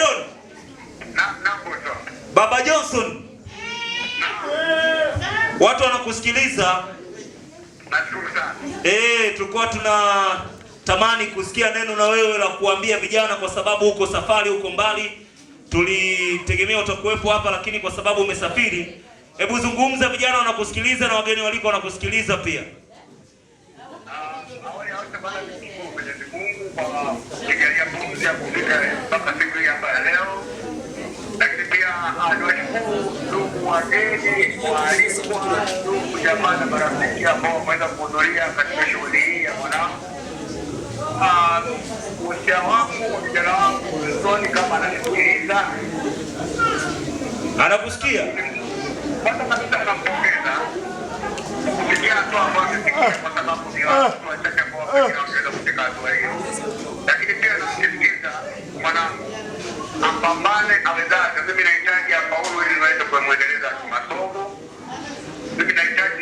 Armageddon. Baba Johnson, watu wanakusikiliza. Eh, tulikuwa tuna tamani kusikia neno na wewe la kuambia vijana, kwa sababu huko safari, huko mbali, tulitegemea utakuwepo hapa, lakini kwa sababu umesafiri, hebu zungumza, vijana wanakusikiliza na wageni waliko wanakusikiliza pia. Uh, walikuu, ndugu wageni, waalikwa, ndugu jamaa na marafiki ambao wameweza kuhudhuria katika shughuli hii ya mwanamke. Usia wangu kijana wangu Soni, kama ananisikiliza, anakusikia kwanza kabisa, anampongeza kupitia hatua ambayo amefikia, kwa sababu ni watu wachache ambao wameweza kufika hatua hiyo, lakini pia anamsikiliza mwanangu apambane awezaje. Mimi nahitaji afaulu ili niweze kumwendeleza kimasomo. Mimi nahitaji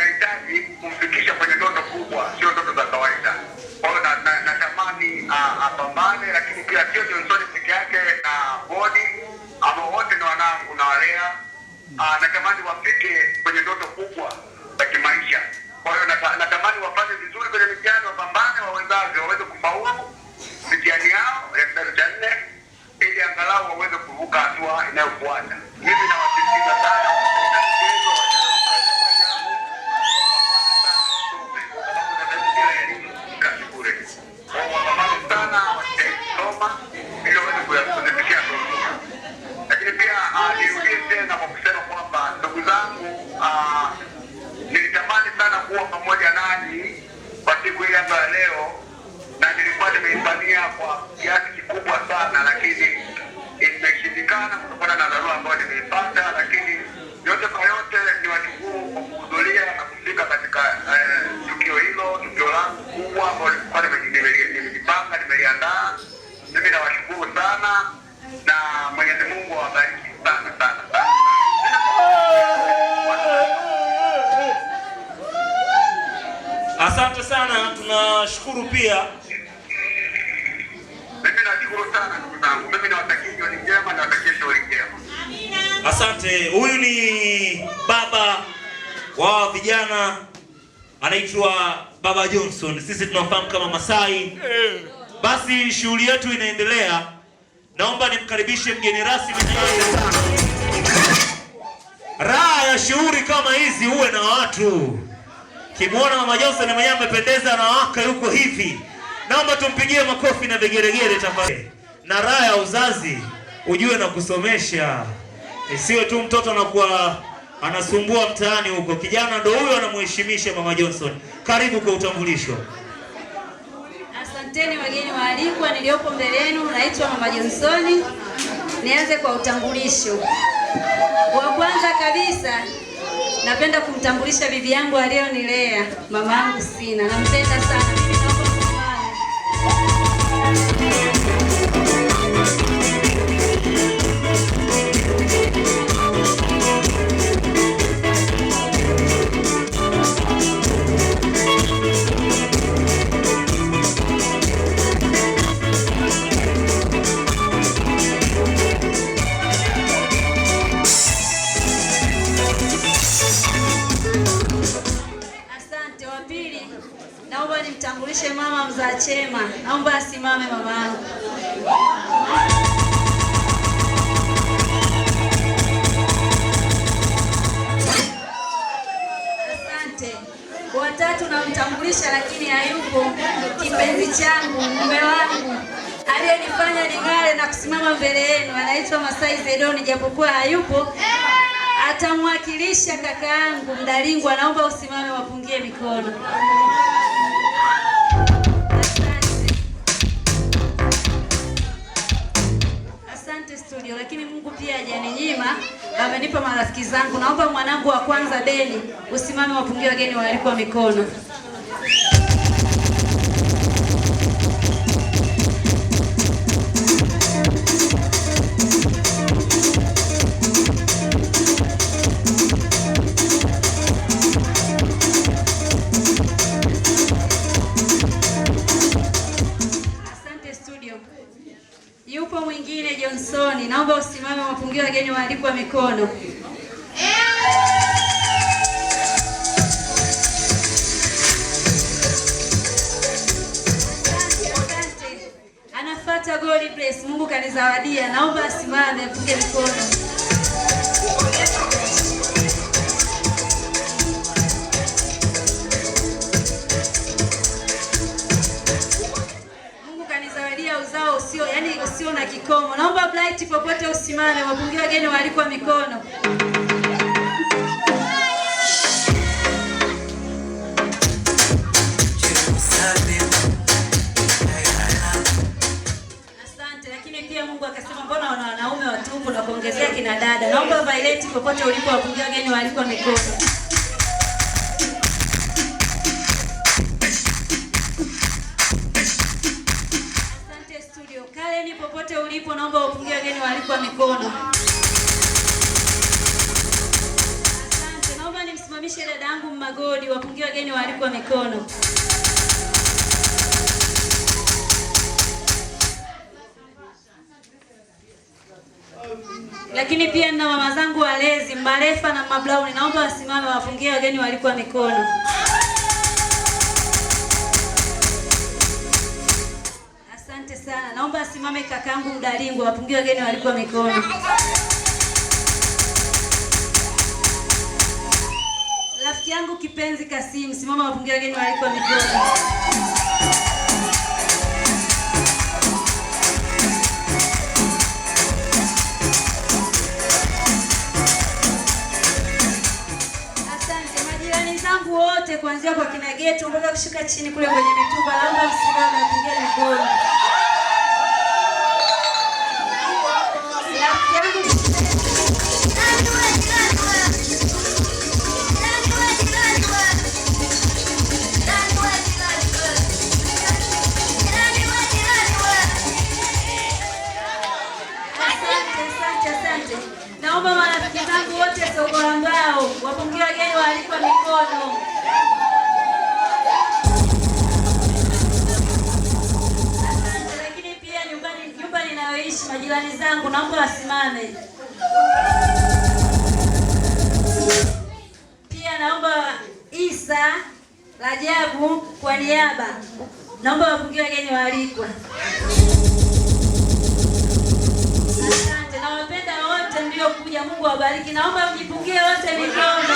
nahitaji kumfikisha kwenye ndoto kubwa, sio ndoto za kawaida. Kwa hiyo natamani apambane, lakini pia sio Johnson peke yake na bodi ama wote ni wanangu na walea, natamani wafike kwenye ndoto kubwa. Note 1. kubwa ambao nilikuwa nimejipanga nimeliandaa. Mimi nawashukuru sana na Mwenyezi Mungu awabariki sana sana sana. Asante sana, tunashukuru pia. Mimi nashukuru sana ndugu zangu, mimi nawatakia jioni njema, nawatakia njema. Asante. Huyu ni baba wa vijana anaitwa Baba Johnson, sisi tunafahamu kama Masai. Eh. Basi shughuli yetu inaendelea, naomba nimkaribishe mgeni rasmi. Raha ya shughuli kama hizi uwe na watu kimwona. Mama Johnson mwenyewe amependeza na waka yuko hivi, naomba tumpigie makofi na vigeregere tafadhali. Na raha ya uzazi ujue na kusomesha, isiwe eh, tu mtoto anakuwa anasumbua mtaani huko, kijana ndo huyo anamuheshimisha Mama Johnson. Karibu kwa utambulisho. Asanteni wageni waalikwa, niliyopo mbele yenu naitwa Mama Johnson. Nianze kwa utambulisho wa kwanza kabisa, napenda kumtambulisha bibi yangu aliyonilea, mama yangu Sina, nampenda sana Naomba nimtambulishe mama mzaa Chema, naomba asimame mama yangu. Asante. Watatu namtambulisha lakini hayupo, kipenzi changu, mume wangu aliyenifanya ning'are na kusimama mbele yenu, anaitwa Masai Zedoni, japokuwa hayupo atamwakilisha kaka yangu Mdalingwa, naomba usimame wapungie mikono. mafanikio, lakini Mungu pia hajaninyima, amenipa marafiki zangu. Naomba mwanangu wa kwanza Deni usimame, wapungie wageni waalikwa mikono. kuwaambia wageni waalikwa mikono Anafata goli place. Mungu kanizawadia, naomba asimame, punge mikono. na kikomo. Naomba blight popote usimame, wabunge wageni walikuwa mikono na kuongezea kina dada. Naomba Violet popote ulipo wapungia wageni waalikwa mikono. studio. Kaleni popote ulipo, naomba wapungie wageni walikwa mikono. Asante, naomba nimsimamishe dadangu Mmagodi, wapungie wageni walikwa mikono. Lakini pia na mama zangu walezi Mbarefa na Mablauni, naomba wasimame, wapungie wageni walikwa mikono. asimame yangu Mdalingo, wapungie wageni walipo mikono. Rafiki yangu kipenzi Kasimu, simama, wapungie wageni walipo mikono. Asante majirani zangu wote, kuanzia kwa kina Getu mpaka kushuka chini kule kwenye mituba, naomba msimame, wapungie mikono. majirani zangu, naomba wasimame. Pia naomba Isa Rajabu kwa niaba, naomba wapungie wageni waalikwa. Asante, nawapenda wote mliokuja. Mungu awabariki. Naomba mjipungie wote mikono.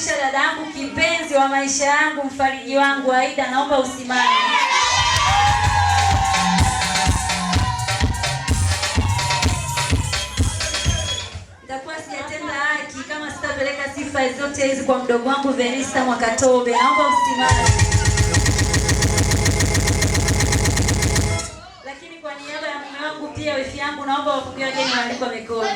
kumkaribisha dada yangu kipenzi wa maisha yangu, mfariji wangu Aida, naomba usimame. Nitakuwa sijatenda haki kama sitapeleka sifa zote hizi kwa mdogo wangu Venista Mwakatobe, naomba usimame. Lakini kwa niaba ya mume wangu pia wifi yangu, naomba wapokee wageni, waalikwa mikono